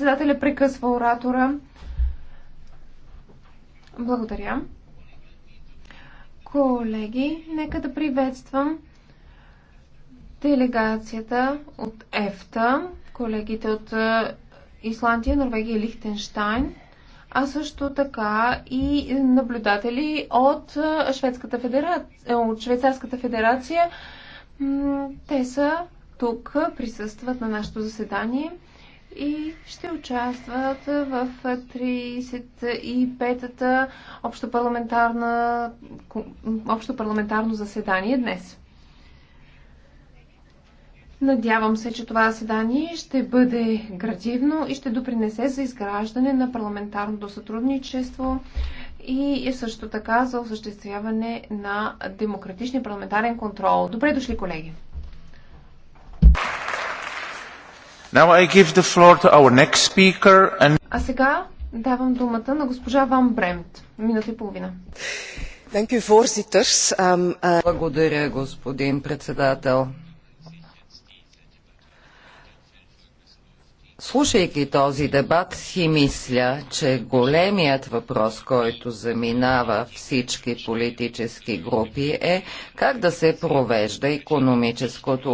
Председателя прекъсва оратора. Благодаря. Колеги, нека да приветствам делегацията от ЕФТА, колегите от е, Исландия, Норвегия и Лихтенштайн, а също така и наблюдатели от, е, Шведската федерация, е, от Швейцарската федерация. Те са тук, присъстват на нашето заседание и ще участват в 35-та общо парламентарно заседание днес. Надявам се, че това заседание ще бъде градивно и ще допринесе за изграждане на парламентарното сътрудничество и също така за осъществяване на демократичния парламентарен контрол. Добре дошли, колеги! And... А сега давам думата на госпожа Ван Бремт. Минута и половина. Um, uh, Благодаря, господин председател. Слушайки този дебат си мисля, че големият въпрос, който заминава всички политически групи е как да се провежда економическото